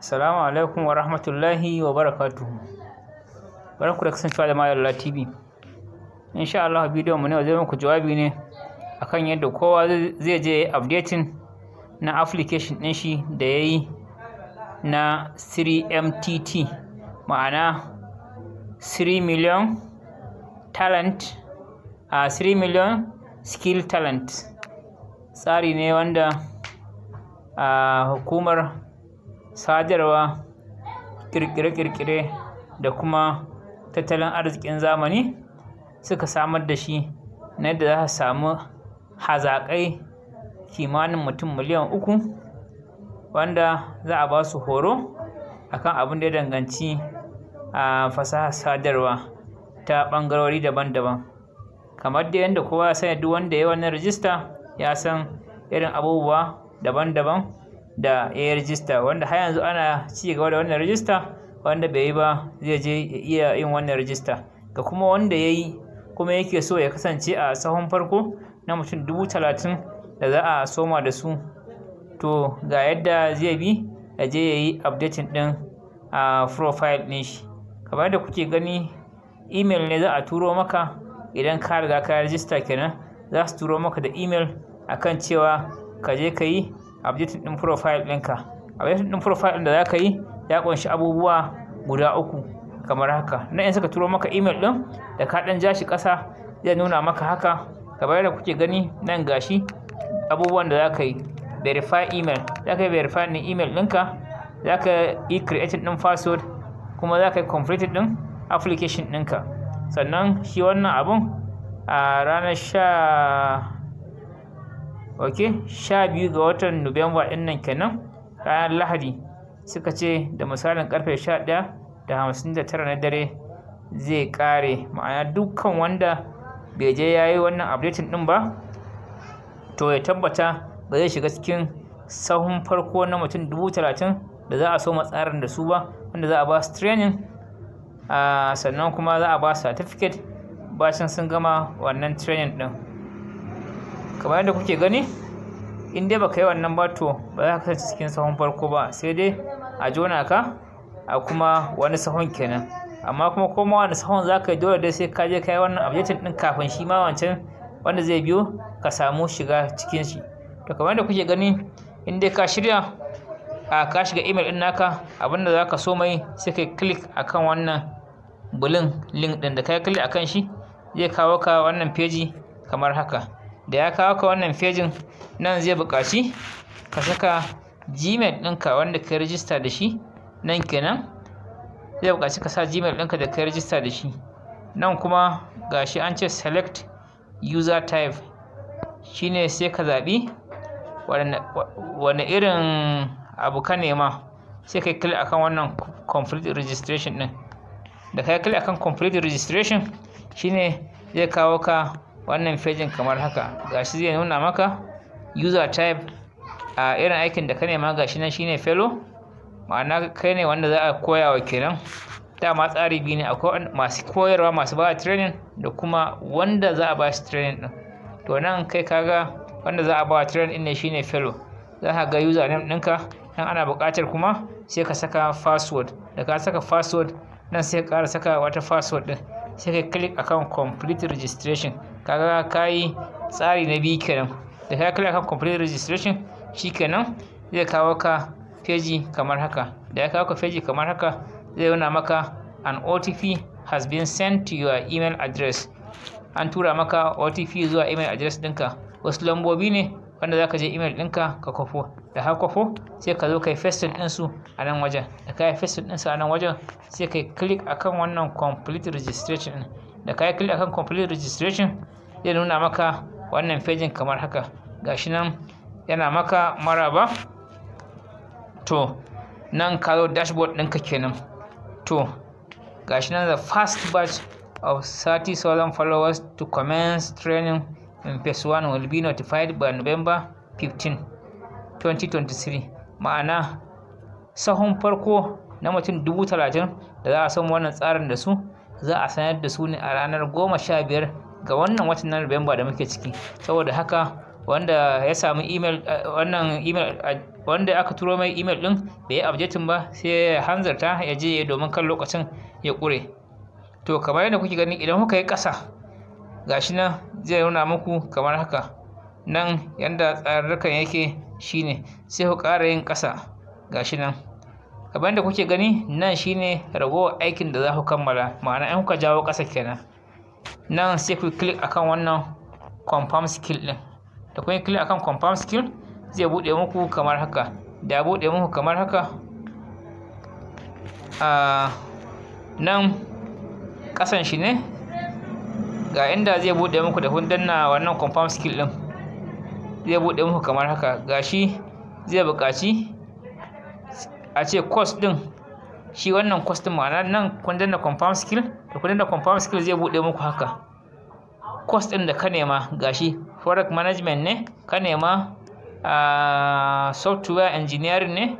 Assalamu alaikum wa rahmatullahi wa barakatuhu. Barku da kasancewa da Mayalla TV. Insha Allah bidiyon mu ne zai muku jawabi ne akan yadda kowa zai je updating na application din shi da yayi na 3MTT ma'ana 3 million talent a 3 million skill talent tsari ne wanda a hukumar sadarwa ƙirƙire-ƙirƙire da kuma tattalin arzikin zamani suka samar da shi na yadda za su samu hazaƙai kimanin mutum miliyan uku wanda za a ba su horo akan abin da ya danganci a fasaha sadarwa ta ɓangarori daban-daban kamar da yadda kowa ya sanya duk wanda ya yi wannan rajista ya san irin abubuwa daban-daban da ya rijista wanda har yanzu ana ci gaba da wannan rijista wanda bai yi ba zai je ya iya yin wannan rijista ga kuma wanda ya yi kuma yake so ya kasance a sahun farko na mutum dubu talatin da za a soma da su to ga yadda zai bi ya je ya yi updating ɗin a profile ɗin shi kamar da kuke gani email ne za a turo maka idan ka riga ka rijista kenan za su turo maka da email akan cewa ka je ka yi abjetin ɗin profile ɗinka abjetin ɗin profile ɗin da za ka yi ya ƙunshi abubuwa guda uku kamar haka na in suka turo maka email ɗin da ka ɗan ja ƙasa zai nuna maka haka kamar yadda kuke gani nan gashi abubuwan da za ka yi verify email za ka yi verify ɗin email ɗinka za ka yi creating ɗin password kuma za ka yi completed ɗin application ɗinka sannan shi wannan abun a ranar sha ok sha biyu ga watan nuwamba ɗinnan nan kenan ranar lahadi suka ce da misalin karfe sha ɗaya da hamsin da tara na dare zai ƙare ma'ana dukkan wanda bai je ya yi wannan updating ɗin ba to ya tabbata ba zai shiga cikin sahun farko na mutum dubu talatin da za a so ma matsarin da su ba wanda za a ba su training sannan kuma za a ba su certificate bacin sun gama wannan training ɗin kamar yadda kuke gani in dai baka yi wannan ba ba za ka kasance cikin sahun farko ba sai dai a jona ka a kuma wani sahun kenan amma kuma koma wani sahun za ka yi dole dai sai ka je ka yi wannan objectin din kafin shi ma wancan wanda zai biyo ka samu shiga cikin shi to kamar yadda kuke gani in dai ka shirya a ka shiga email din naka abinda za ka so mai sai ka click akan wannan bulin link din da ka yi click akan shi zai kawo ka wannan peji kamar haka da ya kawo ka wannan fejin nan zai buƙaci ka saka gmail ɗinka wanda ka rijista da shi nan kenan zai buƙaci ka sa gmail ɗinka da ka rijista da shi nan kuma gashi an ce select user type shine sai ka zaɓi wani irin abu ka nema sai ka yi akan wannan complete registration ɗin da ka yi akan complete registration shine zai kawo ka wannan fejin kamar haka ga shi zai nuna maka user type a irin aikin da ka nema gashi nan shine fellow ma'ana kai ne wanda za a koya wa kenan dama tsari biyu ne akwai masu koyarwa masu ba training da kuma wanda za a ba shi training din to nan kai kaga wanda za a ba training din ne shine fellow za ka ga name ɗinka nan ana buƙatar kuma sai ka saka password da ka saka password nan sai ka ƙara saka wata password din sai ka click akan complete registration kaga kayi tsari na biyu kenan da ka kira kan complete registration shikenan zai kawo ka feji kamar haka da ya kawo ka feji kamar haka zai nuna maka an OTP has been sent to your email address an tura maka OTP zuwa email address ɗinka wasu lambobi ne wanda za ka je email ɗinka ka kwafo da ka kwafo sai ka zo kai yi festin ɗinsu a nan wajen da ka yi festin ɗinsu a nan wajen sai ka click akan wannan complete registration da ka yi click akan complete registration zai nuna maka wannan fejin kamar haka gashi nan yana maka maraba to nan ka zo dashboard ɗinka kenan to gashi nan the first batch of 30,000 followers to commence training in phase 1 will be notified by November 15, 2023 ma'ana sahun farko na mutum dubu talatin da za a san wannan tsarin da su za a sanar da su ne a ranar goma sha biyar ga wannan watan na Nuwamba da muke ciki saboda haka wanda ya samu email eh, wannan email eh, wanda aka turo mai email din bai yi updating ba sai ya hanzarta ya je domin kan lokacin ya kure to kamar yadda kuke gani idan kuka yi ƙasa gashi nan zai nuna muku kamar haka nan yanda tsararrakan yake shine sai ku ƙara yin ƙasa gashi nan kamar yadda kuke gani nan shine ragowar aikin da za ku kammala ma'ana in kuka jawo ƙasa kenan nan sai ku click akan wannan confirm skill din da kun click akan confirm skill zai bude muku kamar haka da bude muku kamar haka a nan kasan shi ne ga inda zai bude muku da kun danna wannan confirm skill din zai bude muku kamar haka gashi zai buƙaci a ce course din shi wannan customer na nan kun danna confirm skill da kun danna confirm skill zai bude muku haka cost din da ka nema gashi forex management ne ka nema a software engineering ne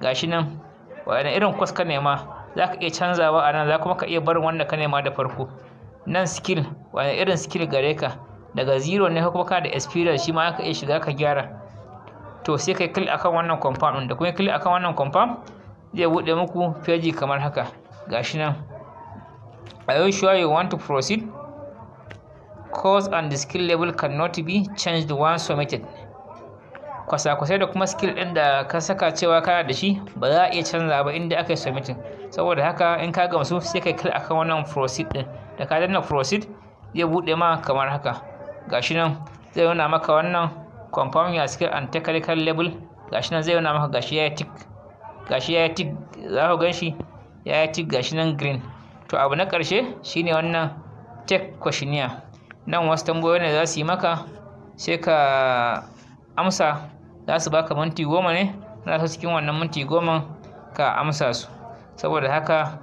gashi nan wani irin cost ka nema za ka iya canzawa a nan za kuma ka iya barin wanda ka nema da farko nan skill wani irin skill gare ka daga zero ne kuma ka da experience shi ma ka iya shiga ka gyara to sai kai click akan wannan compound da kuma click akan wannan compound zai buɗe muku feji kamar haka gashi nan are you sure you want to proceed course and the skill level cannot be changed once submitted kwasa-kwasai da kuma skill ɗin da ka saka cewa kana da shi ba za a iya canza ba inda aka yi submitting saboda haka in ka gamsu sai kai kil akan wannan proceed ɗin da ka danna proceed zai buɗe ma kamar haka gashi nan zai nuna maka wannan confirm your skill and technical level gashi nan zai nuna maka gashi ya tick gashi ya tik za ku gan shi ya tik gashi nan green to abu na ƙarshe shine wannan tech questionnaire nan wasu tambayoyi ne za su yi maka sai ka amsa za su baka minti goma ne za su cikin wannan minti goma ka amsa su saboda haka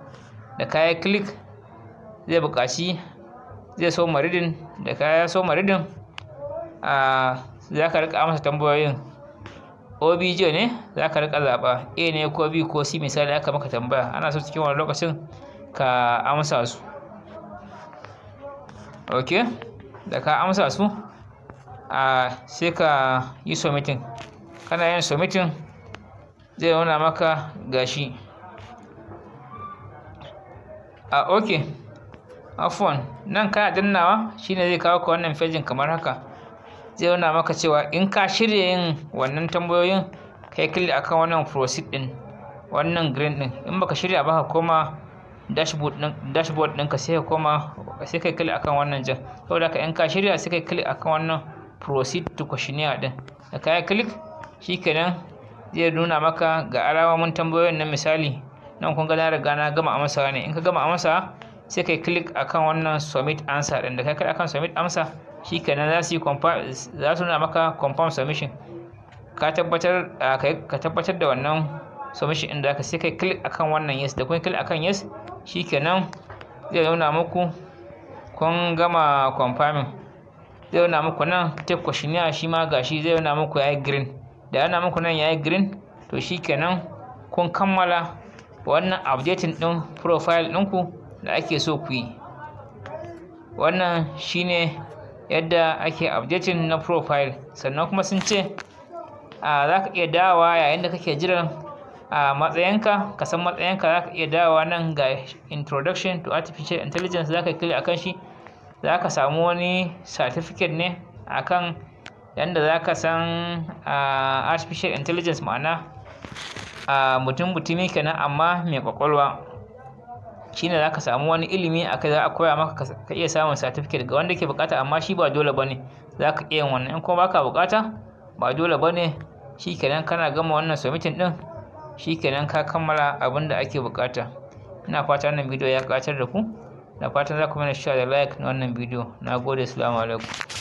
da kaya click zai buƙaci zai so maridin da kaya so maridin a ah, za ka rika amsa tambayoyin ko ne za ka riƙa zaɓa a ne ko b ko c misali aka maka tambaya ana so cikin wani lokacin ka amsa su ok da ka amsa su a sai ka yi submitting kana yin submitting zai nuna maka gashi a ok afon nan kana dannawa shine zai kawo ka wannan fejin kamar haka zai nuna maka cewa in ka shirya yin wannan tambayoyin kai kille akan wannan proceed din wannan green din in baka shirya ba ka koma dashboard din dashboard ɗinka sai ka koma sai kai kille akan wannan jan saboda ka in ka shirya sai kai kille akan wannan proceed to questionnaire din da ka yi click shikenan zai nuna maka ga alamomin tambayoyin nan misali nan kun ga na riga na gama amsa ne in ka gama amsa sai kai click akan wannan submit answer din da kai click akan submit amsa shi kenan za su yi za su nuna maka confirm submission ka tabbatar ka tabbatar da wannan submission inda ka sai kai click akan wannan yes da kun click akan yes shi kenan zai nuna muku kun gama confirming zai nuna muku nan take questionnaire shi ma gashi zai nuna muku yayi green da yana muku nan yayi green to shi kenan kun kammala wannan updating din profile ɗinku da ake so ku yi wannan shine yadda ake updating na profile sannan kuma sun ce za ka iya dawowa yayin da kake jiran a matsayinka ka san matsayinka za ka iya dawowa nan ga introduction to artificial intelligence za ka kili akan shi za ka samu wani certificate ne akan yadda za ka san artificial intelligence ma'ana mutum mutumi kenan amma mai kwakwalwa shine za ka samu wani ilimi a kai za a koya maka ka iya samun satifiket ga wanda ke bukata amma shi ba dole bane za ka iya wannan in kuma baka bukata ba dole bane shikenan kana gama wannan submitting din shikenan ka kammala abin da ake bukata ina fata wannan bidiyo ya kacar da ku na fatan za ku mana share da like na wannan bidiyo gode assalamu alaikum